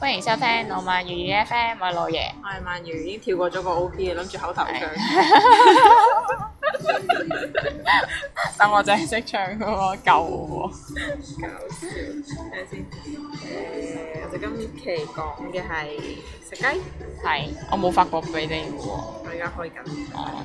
歡迎收聽浪漫粵語 FM，我係羅爺，我係曼如，已經跳過咗個 O P，諗住口頭唱。但我淨係識唱嗰個舊搞笑，睇下先。誒、呃，其實今期講嘅係食雞。係，我冇發過俾你嘅喎。我而家開緊。哦，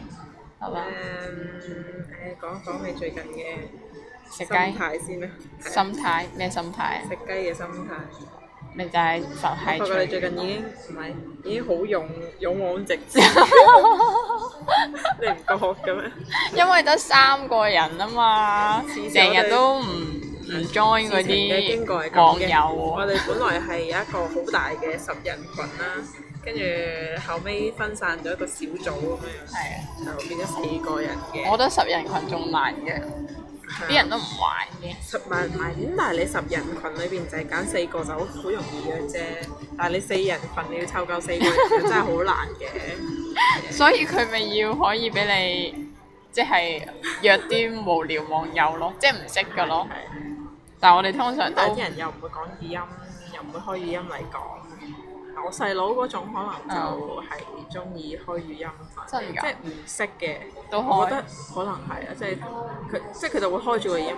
好啦！誒，講講起最近嘅雞 食雞心態先啦。心態咩心態啊？食雞嘅心態。咪就係就係，我哋最近已經唔係已經好勇勇往直前， 你唔覺嘅咩？因為得三個人啊嘛，成、嗯、日都唔唔 join 嗰啲網友。經過嚟講我哋本來係一個好大嘅十人群啦，跟住 後尾分散咗一個小組咁樣，就、 啊、變咗四個人嘅。我覺得十人群仲難嘅。啲人都唔壞嘅，唔係唔係但係你十人群裏邊就係揀四個就好好容易嘅啫。但係你四人群，你要湊夠四個人 真係好難嘅。 的所以佢咪要可以俾你，即係約啲無聊網友咯，即係唔識嘅咯。但係我哋通常都，但係啲人又唔會講語音，又唔會開語音嚟講。我細佬嗰種可能就係中意開語音，真㗎？即係唔識嘅都開。我覺得可能係啊，即係佢即係佢就會開住個音。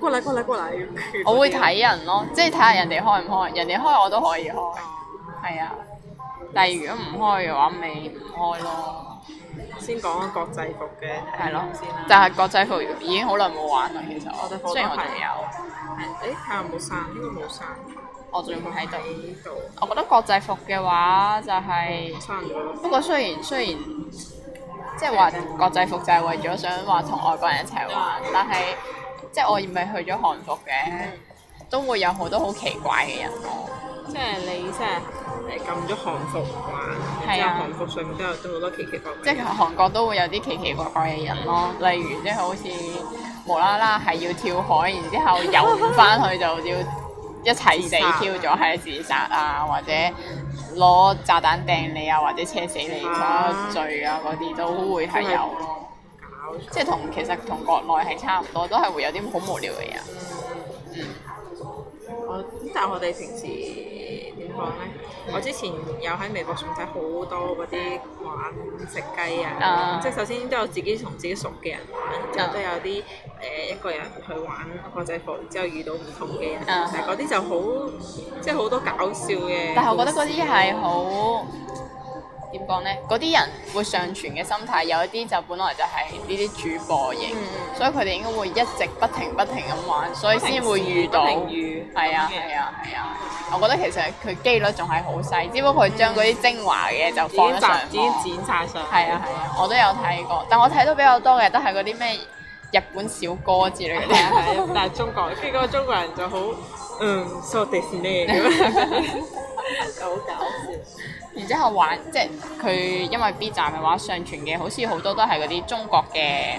過嚟過嚟過嚟我會睇人咯，即係睇下人哋開唔開，人哋開我都可以開，係、嗯、啊。但係如果唔開嘅話，咪唔開咯。先講國際服嘅係咯，先啦。但係國際服已經好耐冇玩啦，其實我。雖然我得哋課我哋有。係、欸。誒睇下冇刪，應該冇刪。我仲會喺度，度。我覺得國際服嘅話就係，不過雖然雖然即係話國際服就係為咗想話同外國人一齊玩，但，但係即係我唔係去咗韓服嘅，都會有好多好奇，奇怪嘅人，即係你即係撳咗韓服玩，係啊，韓服上面都有都好多奇奇怪怪，即係韓國都會有啲奇奇怪怪嘅人咯，例如即係好似無啦啦係要跳海，然之後游唔翻去就要。呵呵一齊死 Q 咗，係自，殺、啊、自殺啊，或者攞炸彈掟你啊，或者車死你啊，Yeah. 罪啊嗰啲都會係有，即係同其實同國內係差唔多，都係會有啲好無聊嘅嘢。嗯，我咁就我哋平時。講咧，嗯、我之前有喺微博上睇好多嗰啲玩食雞啊，啊即係首先都有自己同自己熟嘅人玩，之後都有啲誒、呃、一個人去玩國際服，然之後遇到唔同嘅人，嗰啲、啊、就好，嗯、即係好多搞笑嘅、啊。但係我覺得嗰啲係好點講咧，嗰啲人會上傳嘅心態有一啲就本來就係呢啲主播型，嗯、所以佢哋應該會一直不停不停咁玩，所以先會遇到。係啊係啊係啊！我覺得其實佢機率仲係好細，只不過佢將嗰啲精華嘅就放上，剪輯上。係啊係啊，我都有睇過，但我睇到比較多嘅都係嗰啲咩日本小哥之類嘅。 但係中國跟住個中國人就好嗯 so decent 啲嘢好搞笑。 然之後玩即係佢，因為 B 站嘅話上傳嘅，好似好多都係嗰啲中國嘅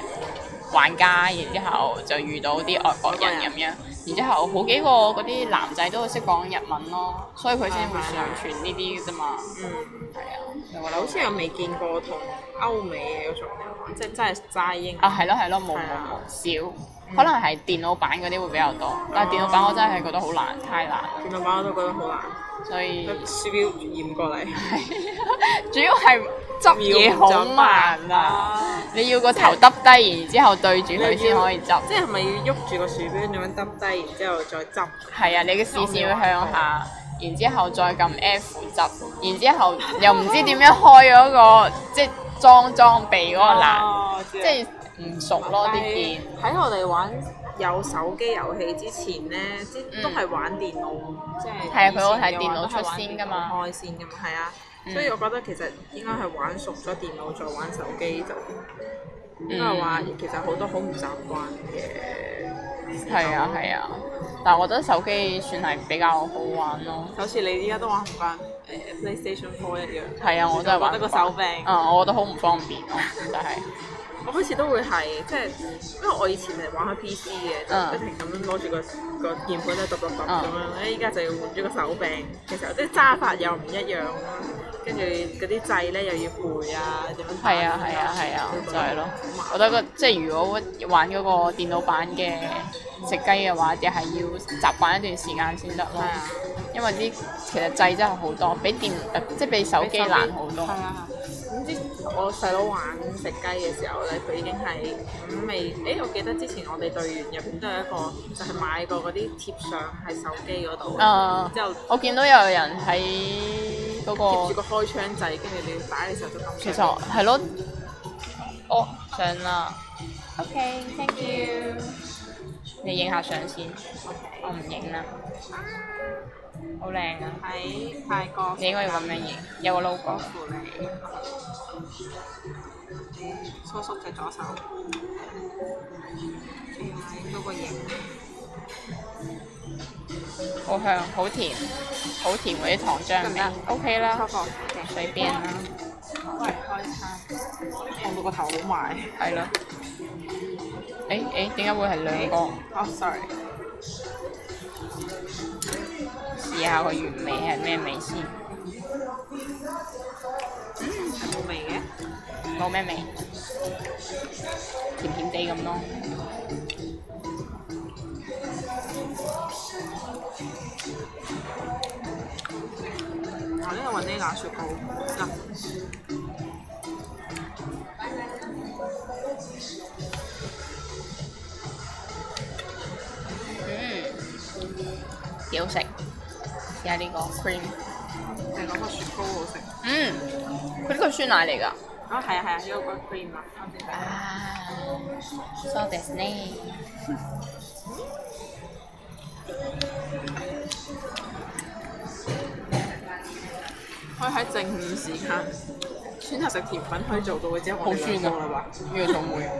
玩家，然之後就遇到啲外國人咁樣，Okay. 然之後好幾個嗰啲男仔都識講日文咯，所以佢先會上傳呢啲嘅啫嘛。嗯、mm，係、hmm。啊，我好似又未見過同歐美嗰種，即係真係齋英。啊係咯係咯，冇冇冇少，可能係電腦版嗰啲會比較多，但係電腦版我真係覺得好難，太難。電腦版我都覺得好難，所以書表驗過嚟、啊、主要係。執嘢好慢啊！你要個頭耷低，然之後對住佢先可以執。即係咪要喐住個鼠標咁樣耷低，然之後再執？係啊，你嘅視線要向下，然之後再撳 F 執，然之後又唔知點樣開嗰、嗰個 即係裝裝備嗰個欄，啊啊啊、即係唔熟咯啲鍵。喺是些我哋玩有手機遊戲之前咧，嗯、都係玩電腦，即係係啊佢好睇電腦出先噶嘛，開先噶嘛，係啊。所以我覺得其實應該係玩熟咗電腦再玩手機就應該係玩，就都係話其實好多好唔習慣嘅。係、嗯、後啊係啊，但係我覺得手機算係比較好玩咯。就好似你依家都玩唔慣誒 PlayStation Four 一樣。係啊，我都係玩得個手柄。啊、嗯，我覺得好唔方便，就係。 我開始都會係，即係因為我以前係玩下 PC 嘅，嗯、就不停咁樣攞住個個鍵盤咧，揼撻撻咁樣。誒、嗯，依家就要換咗個手柄，其實即係揸法又唔一樣咯。跟住嗰啲掣咧又要背啊，點樣？係啊係啊係啊，就係咯。我都覺得即係如果玩嗰個電腦版嘅食雞嘅話，就係要習慣一段時間先得咯。因為啲其實掣真係好多，比電即係比手機難好多。我細佬玩食雞嘅時候，例如已經係五、嗯、未，誒，我記得之前我哋隊員入邊都有一個，就係、是、買過嗰啲貼相喺手機嗰度。誒、uh, 後，之後我見到有人喺嗰、那個，貼住個開槍掣，跟住你要嘅時候，就咁其實係咯。哦，上啦。OK，thank、okay, you 你。你影下相先，我唔影啦。好靚啊！喺泰國，嗯、你應該要揾個影，有個老哥扶你，叔叔隻左手，要揾多個影，好香，好甜，好甜嗰啲糖漿，OK 啦，好個、嗯，水邊啦，開餐。望到個頭好埋，係、哎、咯，誒、哎、誒，點解會係兩個？哦、oh,，sorry。試下個原味係咩味先？嗯，冇味嘅，冇咩味，甜甜地咁咯。我、啊、呢度揾啲雲呢拿雪糕。啊係啊，呢個 cream，係嗰個雪糕好食。嗯，佢呢個酸奶嚟㗎。哦，係啊係啊，有個 cream 啊。啊，so delicious, 可以喺正午時間選擇食甜品，可以做到嘅啫。好酸㗎啦吧？呢個草莓。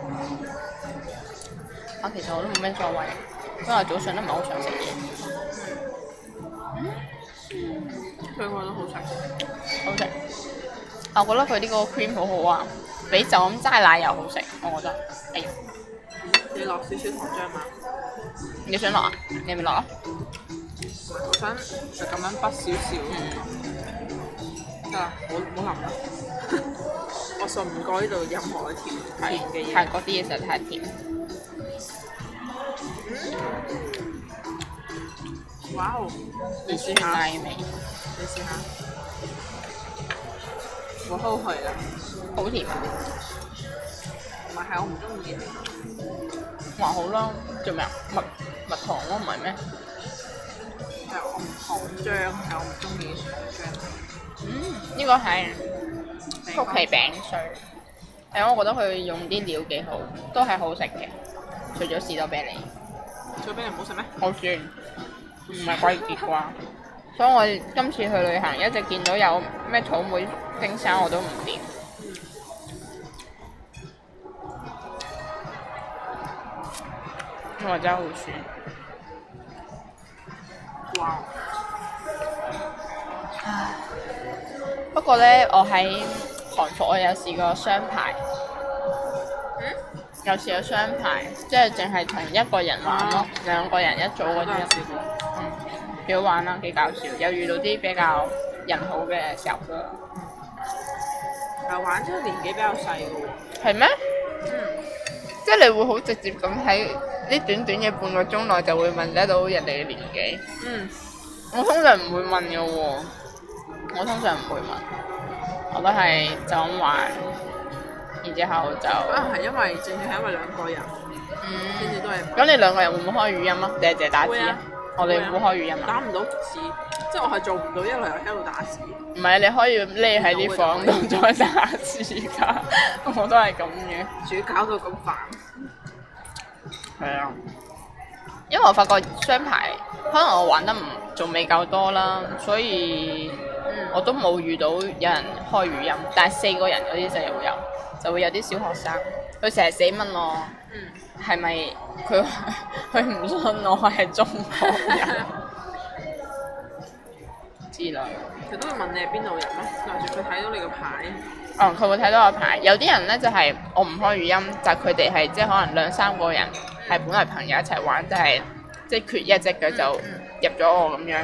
啊，其實我都冇咩所謂，因為 早上都唔係好想食佢個都好食，好食。我覺得佢呢個 cream 好好啊，比就咁齋奶油好食，我覺得。哎呀，你落少少糖漿嘛？你想落啊？你咪落咯。我想就咁樣筆少少。得啦，唔好淋啦。我信唔過呢度任何一甜嘅嘢。韓國啲嘢實在太甜。哇哦！你先嚟。你試下，我後悔啦，好甜，唔係我唔中意，嘅還好啦。做咩啊？蜜蜜糖咯，唔係咩？係我唔好醬，係我唔中意酸醬。嗯，呢、這個係曲奇餅碎，誒、嗯，我覺得佢用啲料幾好，都係好食嘅，除咗士多啤梨。士多啤梨唔好食咩？好酸，唔係鬼結瓜。 所以我今次去旅行，一直見到有咩草莓冰沙我都唔點。我、嗯啊、真係好少哇。不過呢，我喺韓服我有試過雙排。嗯、有試過雙排，即係淨係同一個人玩咯，兩、嗯、個人一組嗰啲。嗯幾好玩啊，幾搞笑！又遇到啲比較人好嘅小哥。又玩咗年紀比較細喎。係咩？嗯。即係你會好直接咁喺呢短短嘅半個鐘內就會問得到人哋嘅年紀。嗯。我通常唔會問嘅喎。我通常唔會問。我都係就咁玩。然之後就。可能係因為最主要係因為兩個人。嗯。次次都係。咁你兩個人會唔會開語音啊？定係打字？我哋唔會開語音啊！打唔到字，即係我係做唔到一，因為我喺度打字。唔係你可以匿喺啲房度再打字噶， 我都係咁嘅。主要搞到咁煩。係啊。 因為我發覺雙排，可能我玩得唔仲未夠多啦，所以、嗯、我都冇遇到有人開語音，但係四個人嗰啲就又有，有，就會有啲小學生，佢成日死問我。嗯係咪佢佢唔信我係中國人？之類 了，佢都、哦、會問你係邊度人咩？或者佢睇到你個牌？嗯，佢會睇到我個牌。有啲人咧就係、是、我唔開語音，就佢哋係即係可能兩三個人係本來朋友一齊玩，但係即係缺一隻嘅就入咗我咁樣。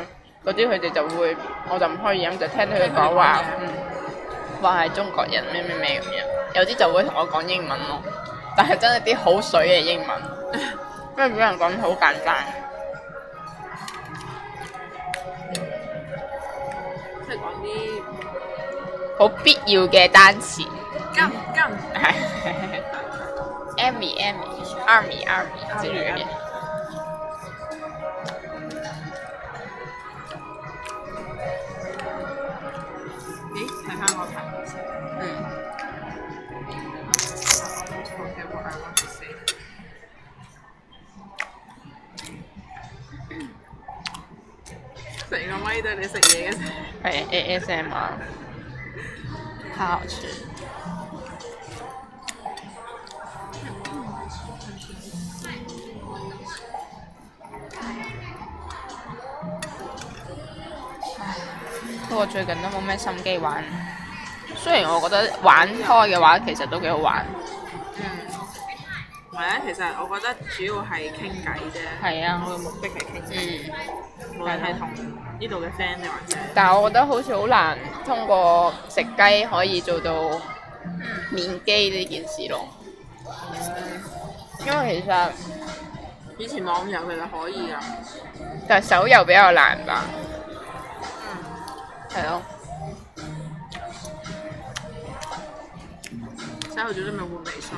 嗰啲佢哋就會，我就唔開語音，就聽到佢講話，話、嗯、係中國人咩咩咩咁樣。有啲就會同我講英文咯。但係真係啲好水嘅英文，因為俾人講得好簡單，即係講啲好必要嘅單詞。咁咁係，Amy Amy，Army Army，Army，即係呢樣嘢。食嘢嘅，ASMR 啊，好好食。唉，不過最近都冇咩心機玩。雖然我覺得玩開嘅話，其實都幾好玩。嗯，唔係啊，其實我覺得主要係傾偈啫。係啊，我嘅目的係傾偈。嗯，但係。呢度嘅聲定還是？但係我覺得好似好難通過食雞可以做到面基呢件事咯。嗯、因為其實以前網遊其實可以㗎，但係手遊比較難吧。嗯。係咯了。真係好中意用我微信。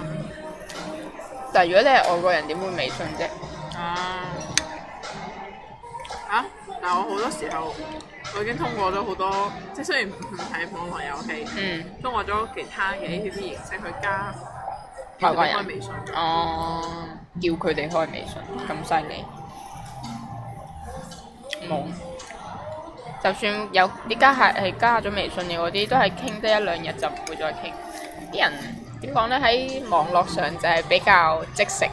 但係如果你係外國人，點會微信啫？啊！啊！但我好多時候，我已經通過咗好多，即係雖然唔睇網絡遊戲，嗯、通過咗其他嘅 A P P 形式去加台灣人哦、嗯，叫佢哋開微信，咁犀利冇？就算有依家係係加咗微信嘅嗰啲，都係傾得一兩日就唔會再傾。啲人點講咧？喺網絡上就係比較即食，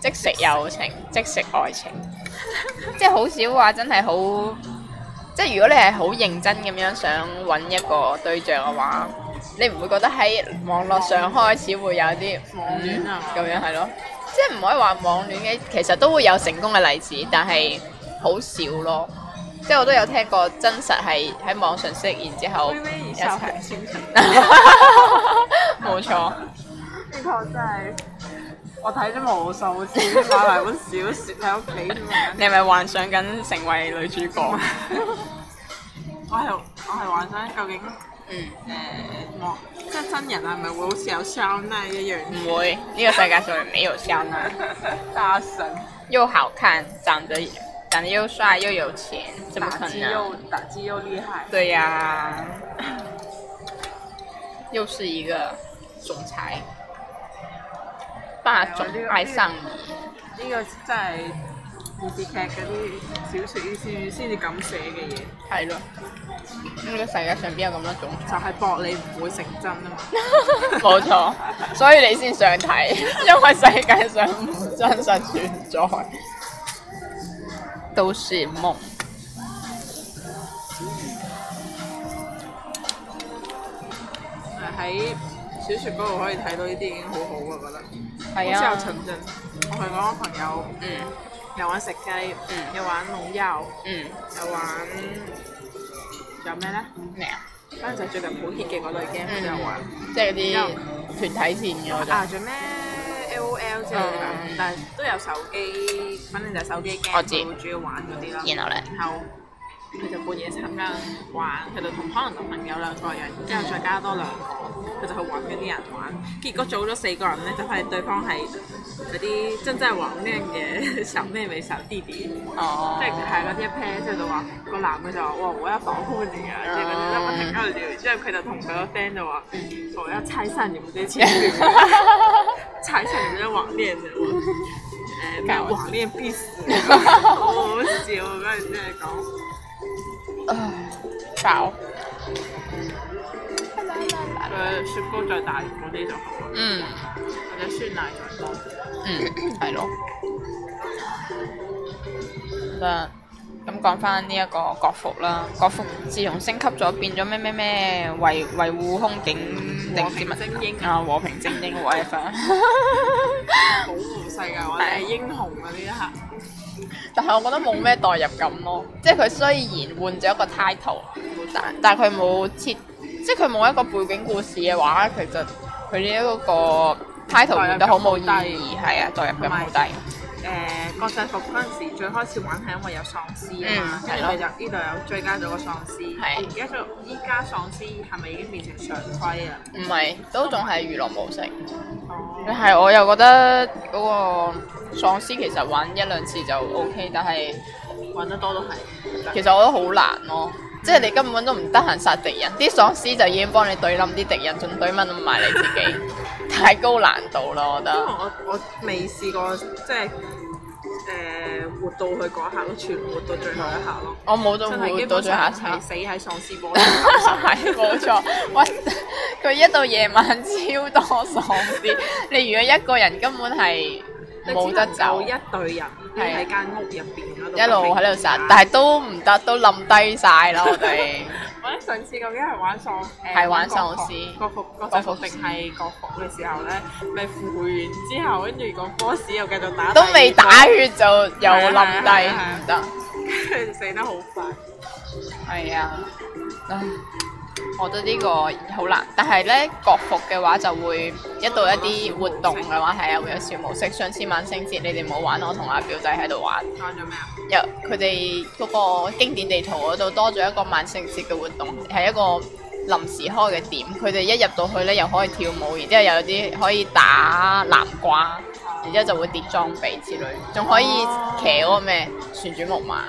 即食友情，即食愛情。 即係好少話，真係好。即係如果你係好認真咁樣想揾一個對象嘅話，你唔會覺得喺網絡上開始會有啲網戀啊，咁、嗯、樣係咯。即係唔可以話網戀嘅，其實都會有成功嘅例子，但係好少咯。即係我都有聽過真實係喺網上識，然之後在一齊相親。冇 錯錯，呢個真係。我睇咗無數次，買埋本小說喺屋企。 你係咪幻想緊成為女主角？ 我係我係幻想究竟，嗯，誒麼、嗯哦，即係真人係咪會好似有肖奈一樣？唔會，呢、這個世界上沒有肖奈。大神又好看，長得長得又帥又有錢，怎麼可能？打機又打機又厲害。對呀、啊， 又是一個總裁。八種不對愛生，呢個真係電視劇嗰啲小説先至咁寫嘅嘢。係咯了，呢個、嗯、世界上邊有咁多種？就係博你唔會成真啊嘛。冇 錯， 所以你先想睇，因為世界上真實存在都係 夢。係喺、啊。小説嗰度可以睇到呢啲已經好好噶，我覺得。係啊。之後有陳俊，我係講我朋友，嗯，又玩食雞，嗯，又玩龍游，嗯，又玩，仲有咩咧？咩啊？反正就最近普及嘅嗰類 game，又玩，即係啲團體戰嘅。啊，仲咩？L O L 即係咁，但係都有手機，反正就係手機 game，我主要玩嗰啲囉。然後咧？佢就半夜參加玩，佢就同可能男朋友兩個人，然之後再加多兩個，佢就去揾嗰啲人玩。結果組咗四個人咧，就發現對方係嗰啲真真係網戀嘅小妹妹小弟弟，哦、即係係嗰啲 pair，之後就話個男嘅就話，哇，我一保護你啊！即係佢哋一問一聊，之後佢就同佢個 friend 就話，嗯、我要拆散你啲前猜拆散你啲網戀嘅，網 戀必死！我唔知我今日真係搞。啊，雪糕再大啲就好。嗯，或者酸奶再多啲。嗯，係咯。咁講翻呢一個國服啦。國服自從升級咗，變咗咩咩咩維維護空警定是乜？物精英啊，啊，和平精英，英文我係凡。保護世界，我哋係英雄嗰啲吓。但係我覺得冇咩代入感咯，即係佢雖然換咗一個 title，但但佢冇設，即係佢冇一個背景故事嘅話，其實佢呢一個 title 換得好冇意義，係啊，代入感好低。誒、呃，國際服嗰陣時最開始玩係因為有喪屍啊嘛，跟住、嗯、就呢度的有追加咗個喪屍。係的，而家就依家喪屍係咪已經變成常規啊？唔係，都仲係娛樂模式。哦、嗯。係，我又覺得嗰個喪屍其實玩一兩次就 OK，但係玩得多都係。其實我都好難咯、哦，嗯、即係你根本都唔得閒殺敵人，啲喪屍就已經幫你懟冧啲敵人，仲懟冧埋你自己。 太高難度咯，我覺得。因為我我未試過即係誒、呃、活到去嗰下，都全活到最後一下咯。我冇都冇活到最後一下，死喺喪屍波。係冇錯，我佢 一到夜晚超多喪屍， 你如果一個人根本係冇得走。一隊人喺間屋入邊一路喺度殺，啊、但係都唔得，都冧低晒咯，我哋。上次究竟係玩喪、嗯、對玩、嗯、喪屍。國服國服定係國服嘅服時候咧，咪扶完之後，跟住個 boss 又繼續打，都未打血就又冧低唔得，跟住行 死得好快。係啊。我覺得呢個好難，但係呢國服嘅話就會一到一啲活動嘅話係有會有小模式，上次萬聖節你哋冇玩，我同阿表弟喺度玩。玩咗咩啊？佢哋嗰個經典地圖嗰度多咗一個萬聖節嘅活動，係一個臨時開嘅點。佢哋一入到去呢，又可以跳舞，然之後又有啲可以打南瓜。然之後就會跌裝備之類，仲可以騎嗰個咩旋轉木馬，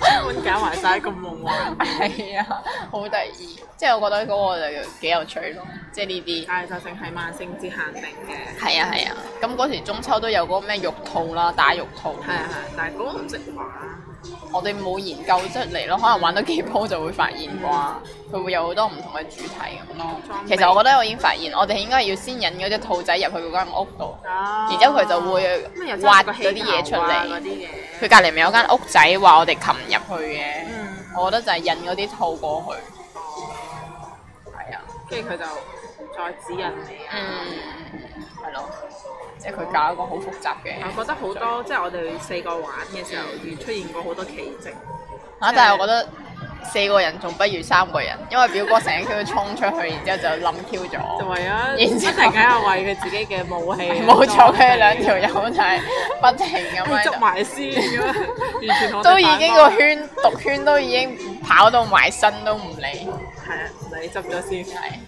專門搞埋晒一個夢幻，係啊， 哎、好得意，即係我覺得嗰個就幾有趣咯，即係呢啲，但係就淨係萬聖節限定嘅，係啊係啊，咁嗰、啊、時中秋都有嗰個咩玉兔啦，打玉兔，係啊係，但係嗰個唔識玩。我哋冇研究出嚟咯，可能玩多幾鋪就會發現啩，佢會有好多唔同嘅主題咁咯。備其實我覺得我已經發現，我哋應該要先引嗰隻兔仔入去嗰間屋度，然之後佢就會挖咗啲嘢出嚟。佢隔籬咪有間屋仔，話我哋冚入去嘅。我覺得就係引嗰啲兔過去。係啊，跟住佢就再指引你。嗯。即係佢搞一個好複雜嘅。我覺得好多即係我哋四個玩嘅時候，出現過好多奇蹟。嚇是、啊！但係我覺得四個人仲不如三個人，因為表哥成日 Q 衝出去，然之後就冧 Q 咗。就為啊，然之後定係為佢自己嘅武器。冇錯，佢兩條友就係不停咁。執埋先，完全都已經個圈毒圈都已經跑到埋身都唔理，係啊、嗯，你執咗先。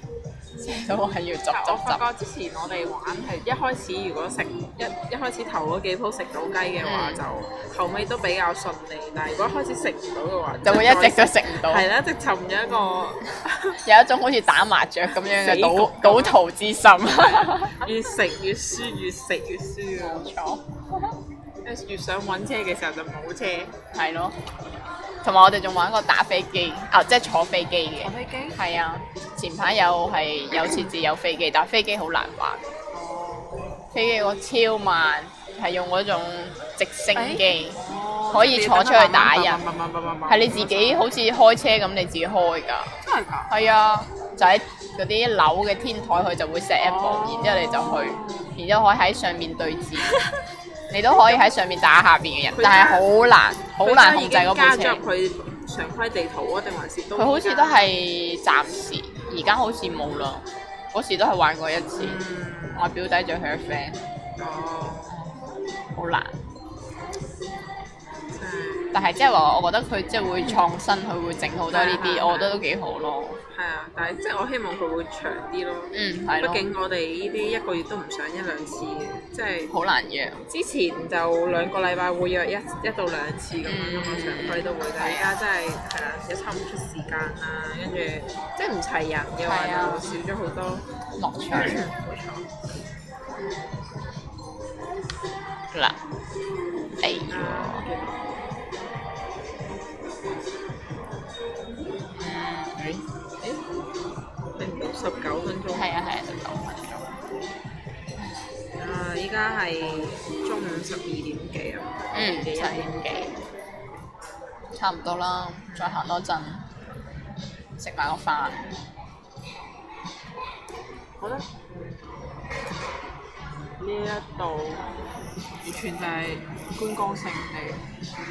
抓、抓、抓我係要執，執。發覺之前我哋玩係一開始，如果食一一開始頭嗰幾鋪食到雞嘅話，嗯、就後尾都比較順利，但係如果一開始食唔到嘅話，就會一直都食唔到。係啦， 一直沉咗一個 有一種好似打麻雀咁樣嘅賭賭徒之心，嗯，越食越輸，越食越輸，冇錯。錯 越想揾車嘅時候就冇車，係咯。同埋我哋仲玩過打飛機，啊，即係坐飛機嘅。打飛機？係啊，前排有係有設置有飛機， 但係飛機好難玩。哦。飛機我超慢，係用嗰種直升機，哎、可以坐出去打人。慢，係你自己好似開車咁，你自己開㗎。真係㗎？係啊，就喺嗰啲樓嘅天台，佢就會錫一部，ball, 哦、然之後你就去，然之後可以喺上面對戰。 你都可以喺上面打下邊嘅人，就但係好難，好就難控制嗰部車。佢佢常規地圖啊，定還是佢好似都係暫時，而家、嗯、好似冇啦。嗰時、嗯、都係玩過一次，嗯、我表弟仲係佢 friend。哦、嗯，好難。嗯、但係即係話，我覺得佢即係會創新，佢、嗯、會整好多呢啲，嗯、我覺得都幾好咯。係啊， 但係即係我希望佢會長啲咯。嗯，係。畢竟我哋呢啲一個月都唔上一兩次，即係好難約。之前就兩個禮拜會約一一到兩次咁樣，基本上佢哋都會。但係而家真係係啦，有、嗯、抽唔出時間啦，跟住喏即係唔齊人嘅話少，少咗好多樂趣。冇、嗯、錯。嗱，嚟 喎樂！啊十九、嗯、分鐘。係啊係啊，十九分鐘。啊、呃，依家係中午十二點幾啊？嗯，十二點幾。差唔多啦，再行多陣，食埋個飯。好啦。呢一度完全就係觀光勝地，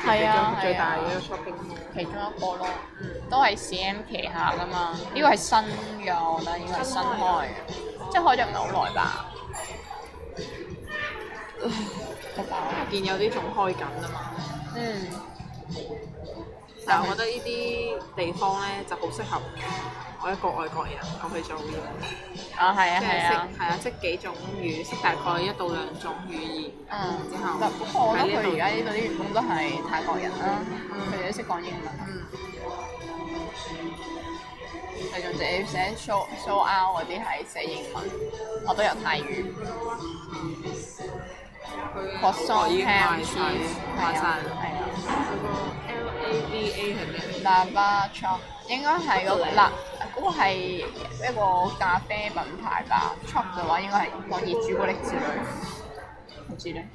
係啊，係啊，最大嘅一個縮影，其中一個咯，嗯，都係 SM 旗下噶嘛。呢、嗯、個係新㗎，我覺得應該係新開，即係開咗唔係好耐吧。 我見有啲仲開緊啊嘛。嗯。但係是我覺得呢啲地方咧就好適合。我一個外國人，我去做嘢。啊，係啊，係啊，係啊，即係、啊、幾種語，識大概一到兩種語言。嗯。後之後，咁我諗佢而家呢度啲員工都係泰國人啦、啊，佢哋都識講英文。嗯。仲有寫寫 show show out 嗰啲係寫英文，我都有泰語。嗯。p e r 啊，嗰、啊、 L A B A 係咩？Lava choc 應該係嗰辣嗰個一、啊那個、個咖啡品牌吧。Choc 嘅、啊、話應該係可以朱古力之類。唔知咧。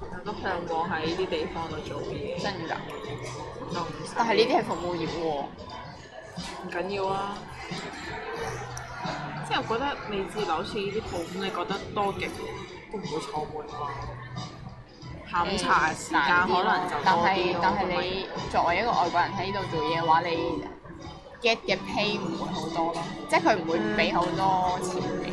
我都向往喺呢啲地方度做嘢。真㗎的。但係呢啲係服務業喎，唔緊要啊。即係我覺得未至於好似呢啲鋪咁，你覺得多極。都唔會坐滿啩下午茶時間可能就多啲、啊、但係是但係你作為一個外國人喺呢度做嘢嘅話，你 get 嘅 pay 唔會好多咯，嗯、即係佢唔會俾好多錢嘅。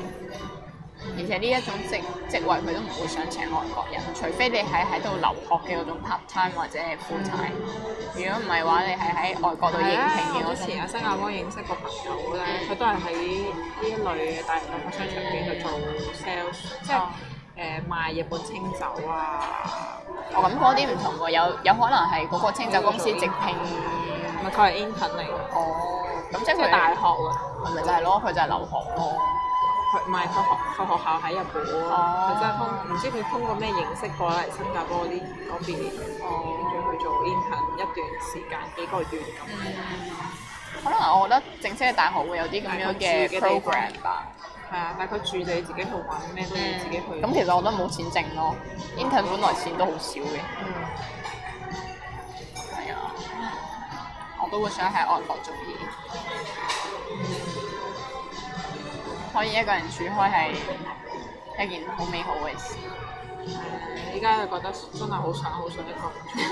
嗯、而且呢一種職職位佢都唔會想請外國人，除非你係喺度留學嘅嗰種 part time 或者 full time、嗯。如果唔係嘅話，你係喺外國度應聘嘅。我似也啊新加坡認識個朋友咧，佢、嗯、都係喺呢一類嘅大型嘅商場入邊去做 sales，即係是。哦誒賣日本清酒啊！我諗啲唔同喎，有有可能係個個清酒公司直聘，咪佢係 intern 嚟。哦，咁即係佢大學啊，係咪就係咯？佢就係留學咯。佢唔係佢學佢學校喺日本，佢即係通唔知佢通過咩形式過嚟新加坡啲嗰邊，跟住去做 intern 一段時間幾個月咁。嗯，可能我覺得正式嘅大學會有啲咁樣嘅 program 吧。係 啊，但係佢住你自己去揾咩都要自己去。咁、嗯嗯、其實我覺得冇錢剩咯，intern 本來錢都好少嘅。嗯，係啊、哎，我都會想喺外國做嘢，可以一個人住開係一件好美好嘅事。誒，依家就覺得真係好想好想一個人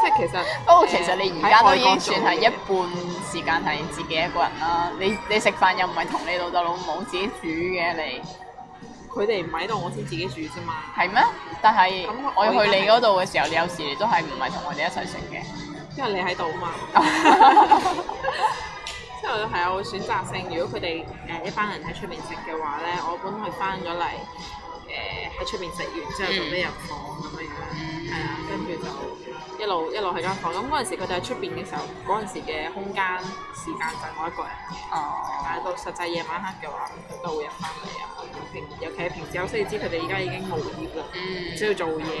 即係其實。不過、哦、其實你而家都已經算係一半時間係自己一個人啦、啊。你你食飯又唔係同你老豆老母自己煮嘅，你。佢哋唔喺度，我先自己煮啫嘛。係咩？但係咁我，我去你嗰度嘅時候，你有時你都係唔係同我哋一齊食嘅，因為你喺度啊嘛。之後係有會選擇性。如果佢哋誒一班人喺出邊食嘅話咧，我本身翻咗嚟。誒喺出邊食完之後，嗯、做咩又放咁樣樣，係啊、嗯嗯，跟住就。一路一路喺間房咁嗰陣時，佢哋喺出邊嘅時候，嗰陣時嘅空間時間就係我一個人。哦，但係到實際夜晚黑嘅話，都會入翻嚟啊。尤其係平時，我雖然知佢哋而家已經無業啦，需要做嘢，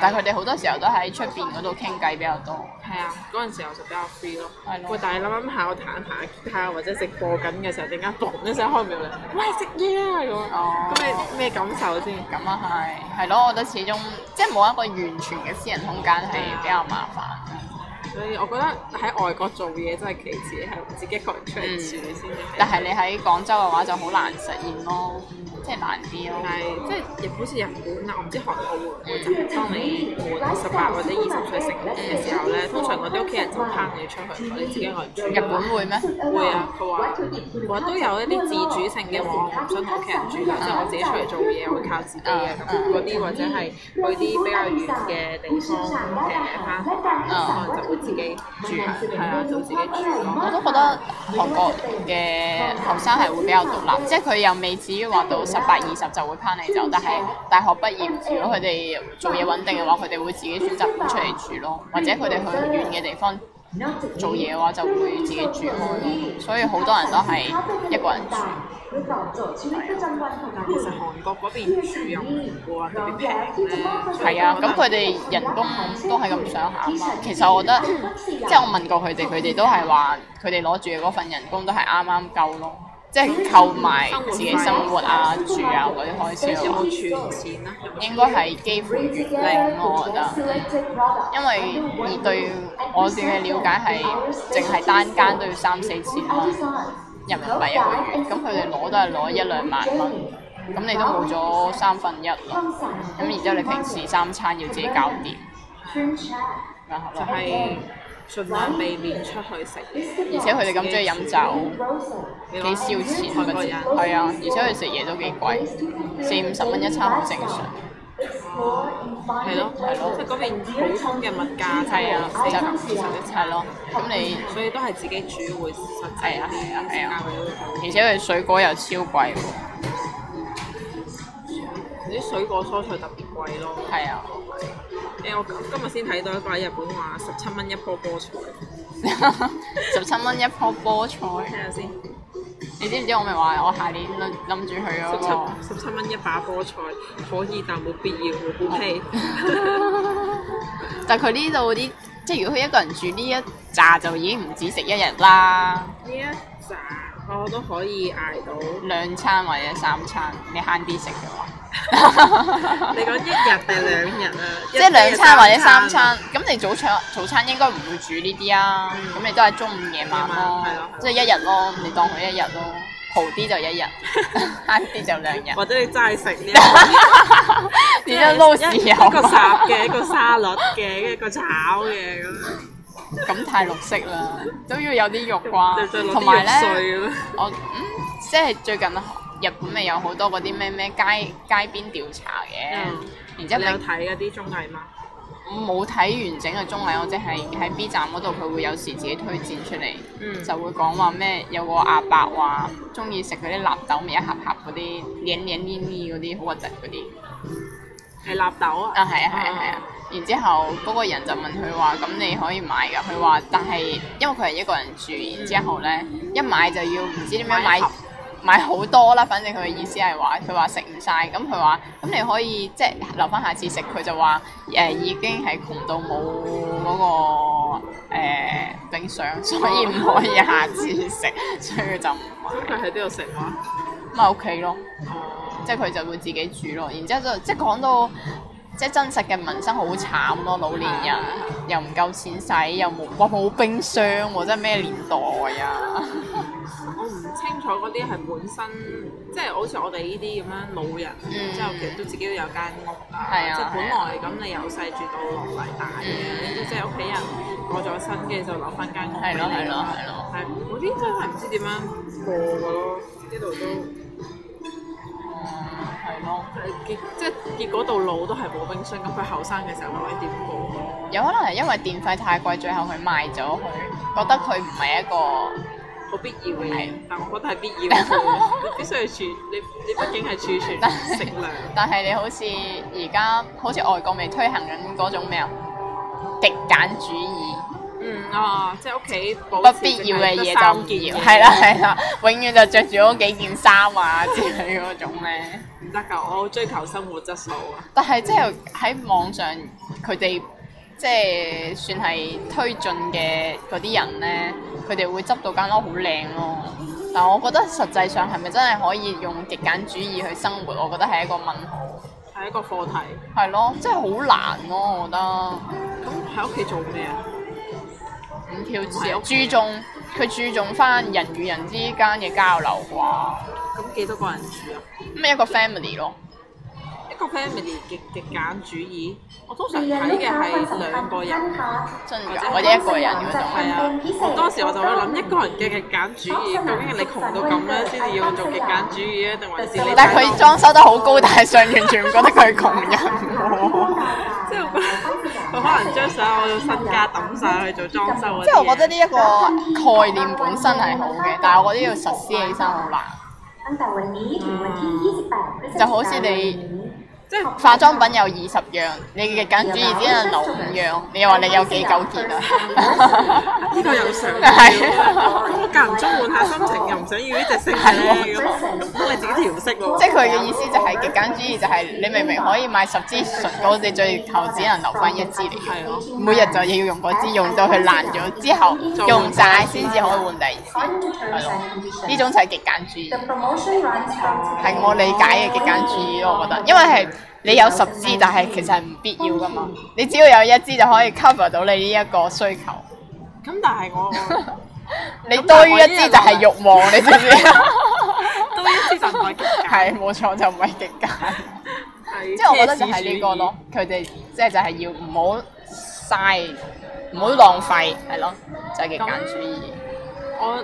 但係佢哋好多時候都喺出邊嗰度傾偈比較多。係啊，嗰陣時候就比較 free 咯。係咯。但係諗諗下我彈下吉他或者食播緊嘅時候，突然間嘣一聲開門嚟，喂食嘢啊咁。哦。咁你咩感受先？咁啊係，係咯，我覺得始終即係冇一個完全嘅私人空間係。比較麻煩，所以我覺得喺外國做嘢真係其次，係、嗯、自己一個人出嚟住先，但係你喺廣州嘅話就好難實現咯。即係難啲咯，係即係，好似日本啊，我唔知韓國會唔會就係當你滿十八或者二十歲成年嘅時候咧，通常我啲屋企人就會拋你出去，你自己來住、啊。日本會咩？會啊！佢話，佢話都有一啲自主性嘅，我唔想同屋企人住啊，即係、嗯、我自己出嚟做嘢，我會靠自己嘅。咁嗰啲或者係去啲比較遠嘅地，地方，譬如一班同學，可能就會自己住下，係啊、嗯，就自己住。我都覺得韓國嘅後生係會比較獨立，即係佢又未至於話到。一百二十就會拋你走，但係大學畢業，如果佢哋做嘢穩定嘅話，佢哋會自己選擇搬出嚟住咯，或者佢哋去遠嘅地方做嘢嘅話，就會自己住開咯。所以好多人都係一個人住。其實韓國嗰邊住係啊，咁佢哋人工都係咁上下啊。其實我覺得，即係我問過佢哋，佢哋都係話，佢哋攞住嘅嗰份人工都係啱啱夠咯。即係購買自己生活啊、住啊嗰啲開銷，存錢啦，應該係幾乎月零我覺得，因為二對我哋嘅了解係淨係單間都要三四千蚊人民幣一個月，咁佢哋攞都係攞一兩萬蚊，咁你都冇咗三分一，咁然之後你平時三餐要自己搞掂，就係。盡量避免出去食，而且佢哋咁中意飲酒，幾燒錢嗰啲，係啊，而且佢哋食嘢都幾貴，四五十蚊一餐好正常。係咯係咯，即係嗰邊普通嘅物價係啊，四五十蚊一餐咯，咁你所以都係自己煮會實際啲啊，係啊，而且佢水果又超貴喎，啲水果蔬菜特別貴咯，係啊。欸、我今日先睇到一個喺日本話十七蚊一顆菠菜，十七蚊一顆菠菜，聽下先。你知唔知我咪話我下年諗住去嗰個，十七十七蚊一把菠菜，可以但冇必要嘅。係，但佢呢度啲，即係如果佢一個人住呢一紮，就已經唔止食一日啦。呢一紮。Oh, 我都可以挨到兩餐或者三餐，你慳啲食嘅話， 你講一日定兩日啊？即係 兩餐或者三餐，咁 你早餐早餐應該唔會煮呢啲啊，咁、嗯、你都係中午夜晚咯、啊，即係、嗯、一日咯、啊，你當佢一日咯、啊，好啲、 啊、就一日，慳啲就兩日， 或者你齋食呢啲 一。家撈住一個霎嘅一個沙律嘅一,一,一個炒嘅咁。 咁太綠色啦，都要有啲肉啩。同埋咧，我即係最近日本咪有好多嗰啲咩咩街街邊調查嘅。嗯。然之後你有睇嗰啲綜藝嗎？冇睇完整嘅綜藝，我即係喺 B 站嗰度，佢會有時自己推薦出嚟，就會講話咩有個阿伯話中意食嗰啲納豆咪一盒盒嗰啲黏黏黏黏嗰啲好核突嗰啲。係納豆啊！啊係啊係啊！然之後，嗰個人就問佢話，咁、嗯、你可以買噶？佢話，但係因為佢係一個人住，然之後咧，一買就要唔知點樣買買好多啦。反正佢嘅意思係話，佢話食唔晒。咁佢話，咁你可以即係留返下次食。佢就話，誒、呃、已經係窮到冇嗰、那個誒頂上，所以唔可以下次食。哦、 所以佢就唔買。佢喺邊度食嘛？咪屋企咯。即係佢就會自己煮咯。然之後就即係講到。即係真實嘅民生好慘咯，老年人又唔夠錢使，又冇哇冇冰箱喎，真係咩年代啊！我唔清楚嗰啲係本身即係好似我哋呢啲咁樣老人，之後其實都自己都有間屋啊，即係本來咁你由細住到落嚟大嘅，你都即係屋企人過咗身嘅就留翻間屋。係咯係咯係咯，係啲真係唔知點樣過噶咯，呢度都。嗯，係、就、咯、是，即係結果到老都係冇冰箱，咁佢後生嘅時候可以點過啊？有可能係因為電費太貴，最後佢賣咗佢，覺得佢唔係一個好必要嘅嘢，是但係我覺得係必要嘅，你必須要儲，你你畢竟係儲存食糧量。但係你好似而家好似外國未推行緊嗰種咩啊？極簡主義。嗯啊、哦，即係屋企不必要嘅嘢就唔要。係啦係啦，永遠就着住嗰幾件衫啊 之類嗰種咧。唔得，我好追求生活質素啊。但係即係喺網上，佢哋即係算係推進嘅嗰啲人咧，佢哋會執到間屋好靚咯。但係我覺得實際上係咪真係可以用極簡主義去生活？我覺得係一個問號一個課題，係一個課題，係咯，即係好難咯、啊。我覺得咁喺屋企做咩啊？注重佢注重翻人與人之間嘅交流啩。咁幾多個人住啊？咁咪一個 family 咯。個 family 極極簡主義，我通常睇嘅係兩個人，或者一個人嗰種。係啊，當時我就會諗一個人嘅極簡主義，究竟你窮到咁樣先至要做極簡主義呀，定還是你？但係佢裝修得好高大上，完全唔覺得佢係窮人，即係我覺得佢可能將所有身家抌曬去做裝修。即係我覺得呢一個概念本身係好嘅，但係我覺得要實施起身好難。就好似你。即係化妝品有二十樣，你嘅極簡主義只能留五樣，你話你有幾糾結啊？呢度有笑。係咁我間唔中換下心情，又唔想要呢隻色，我又要換。咁你自己調色。即係佢嘅意思就係極簡主義，就係你明明可以買十支唇膏，你最後只能留翻一支嚟用，每日就要用嗰支，用到佢爛咗之後用晒先至可以換第二支，係咯？呢種就係極簡主義。The p r o 係我理解嘅極簡主義咯，我覺得，因為係。你有十支，但係其實係唔必要噶嘛？平你只要有一支就可以 cover 到你呢一個需求。咁但係我 你多於一支就係欲望， 你知唔知？多於一支就唔係極簡，係冇錯就唔係極簡。即係 我覺得就係呢、呢個咯，佢哋即係就係要唔好嘥，唔好浪費係咯，嗯嗯、就係極簡主義。我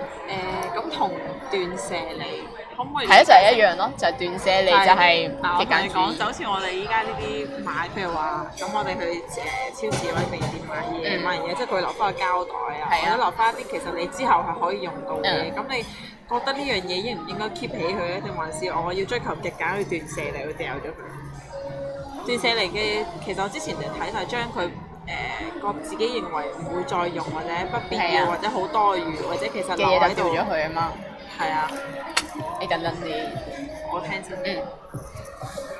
誒咁同斷捨離。呃可唔可以，係啊，就係一樣咯，就係斷捨離，就係極簡。講就好似我哋依家呢啲買，譬如話咁，我哋去誒超市或者便利店買嘢，買完嘢即係佢留翻個膠袋啊，或者留翻一啲其實你之後係可以用到嘅。咁、嗯、你覺得應應呢樣嘢應唔應該 keep 起佢咧？定還是我要追求極簡去斷捨離，去掉咗佢？斷捨離嘅，其實我之前就睇晒係將佢誒，個、呃、自己認為唔會再用或者不必要、啊、或者好多餘或者其實留嘢就掉咗佢啊嘛。係啊，你、欸、等等先，我聽先。嗯。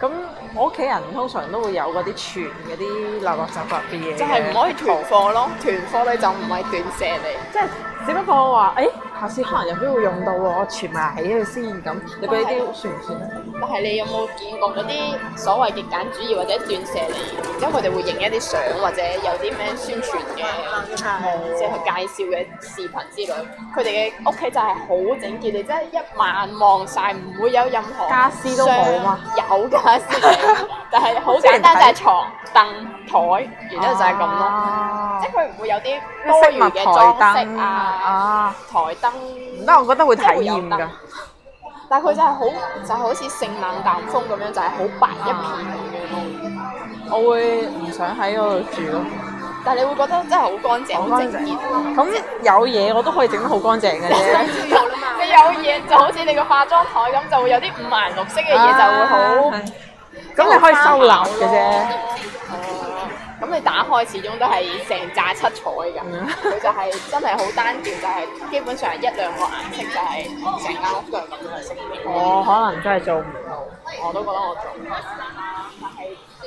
咁我屋企人通常都會有嗰啲存嗰啲立立雜雜嘅嘢，就係唔可以囤貨咯。囤貨咧就唔係斷食嚟，即係只不過我話，哎、欸。下次可能有機會用到喎，我存埋喺佢先咁，你覺得啲算唔算咧？但係你有冇見過嗰啲所謂極簡主義或者斷捨離，然之後佢哋會影一啲相或者有啲咩宣傳嘅，即係介紹嘅視頻之類，佢哋嘅屋企就係好整潔，你真係一晚望晒，唔會有任何家私都冇啊？有家私，但係好簡單，就係床、凳、台，然之後就係咁咯。即係佢唔會有啲多餘嘅裝飾啊，台燈。唔得，我覺得會體驗噶。但係佢就係好，就係、是、好似性冷淡風咁樣，就係、是、好白一片、啊。我會唔想喺嗰度住咯。但係你會覺得真係好乾淨，好整潔。咁面有嘢我都可以整得好乾淨嘅啫。 你有嘢就好似你個化妝台咁，就會有啲五顏六色嘅嘢，啊、就會好。咁、啊、你可以收納嘅啫。 啊咁你打開始終都係成紮七彩㗎，佢 就係真係好單調，就係、是、基本上一兩個顏色就係成間屋都係咁樣嘅色。我可能真係做唔到，我都覺得我做唔到。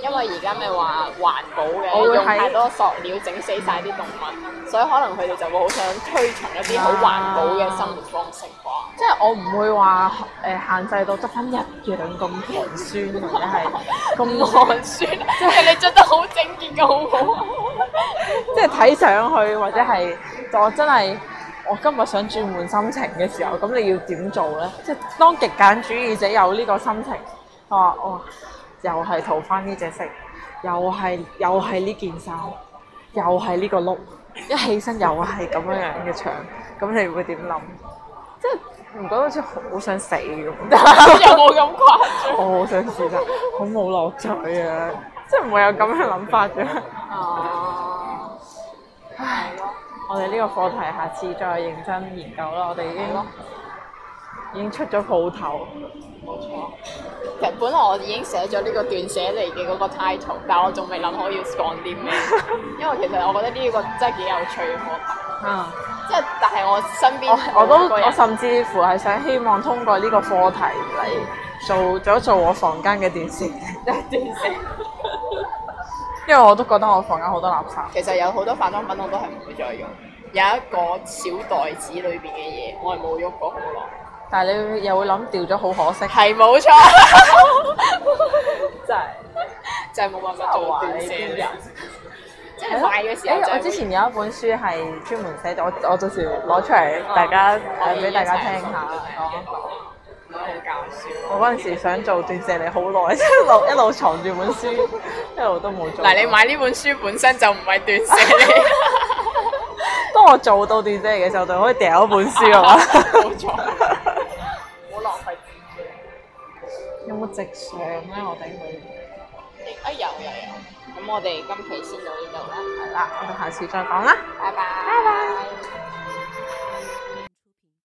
因為而家咪話環保嘅我會用太多塑料整死晒啲動物，嗯、所以可能佢哋就會好想推崇一啲好環保嘅生活方式啩。即係、啊就是、我唔會話誒、呃、限制到着翻一,一樣咁寒酸，或者係咁寒酸，即係你着得好整潔嘅好好，即係睇上去或者係我真係我今日想轉換心情嘅時候，咁你要點做咧？即、就、係、是、當極簡主義者有呢個心情，哇哇！哦又係塗翻呢隻色，又係又係呢件衫，又係呢個碌，一起身又係咁樣樣嘅牆，咁你會點諗？即係唔覺得好似好想死咁？又冇咁誇張。我好想自殺，好冇落嘴啊！即係唔會有咁樣諗法嘅。哦。唉，我哋呢個課題下次再認真研究啦。我哋已經囉。已經出咗鋪頭，冇錯。其實本來我已經寫咗呢個斷捨離嘅嗰個 title，但我仲未諗好要講啲咩， 因為其實我覺得呢個真係幾有趣嘅課題。嗯。即係，但係我身邊我，我都我甚至乎係想希望通過呢個課題嚟做，咗 做，做我房間嘅電視。一電視。因為我都覺得我房間好多垃圾。其實有好多化妝品我都係唔會再用，有一個小袋子裏邊嘅嘢，我係冇喐過好耐。但係你又會諗掉咗好可惜，係冇錯，真係真係冇辦法做斷捨離，即係壞嘅事。誒，我之前有一本書係專門寫，我我到時攞出嚟，大家俾大家聽下講。講好搞笑！我嗰陣時想做斷捨離好耐，一路一路藏住本書，一路都冇做。嗱，你買呢本書本身就唔係斷捨離。當我做到斷捨離嘅時候，就可以掉一本書啊嘛。冇錯。個直上咧、啊，我哋去。啊有有有，咁、哎哎、我哋今期先到呢度啦，係啦，我哋下次再講啦，拜拜 bye，拜拜。